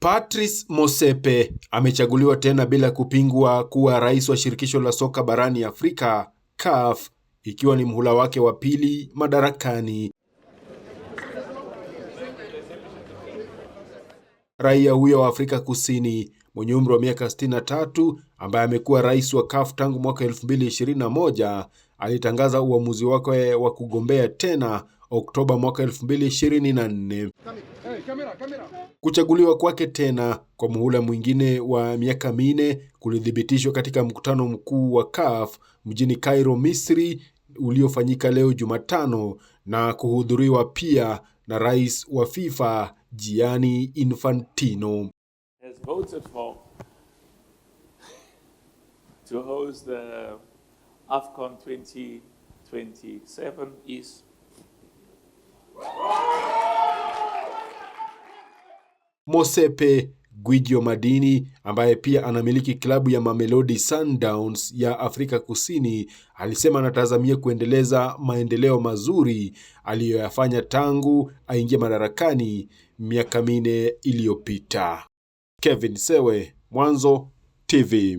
Patrice Motsepe amechaguliwa tena bila kupingwa kuwa rais wa shirikisho la soka barani Afrika CAF, ikiwa ni mhula wake wa pili madarakani. Raia huyo wa Afrika Kusini mwenye umri wa miaka 63 ambaye amekuwa rais wa CAF tangu mwaka 2021 alitangaza uamuzi wake wa kugombea tena Oktoba mwaka 2024. Kuchaguliwa kwake tena kwa muhula mwingine wa miaka minne kulithibitishwa katika mkutano mkuu wa CAF mjini Cairo, Misri uliofanyika leo Jumatano na kuhudhuriwa pia na rais wa FIFA Gianni Infantino. AFCON 2027 is Mosepe Gwijo Madini ambaye pia anamiliki klabu ya Mamelodi Sundowns ya Afrika Kusini alisema anatazamia kuendeleza maendeleo mazuri aliyoyafanya tangu aingie madarakani miaka minne iliyopita. Kevin Sewe, Mwanzo TV.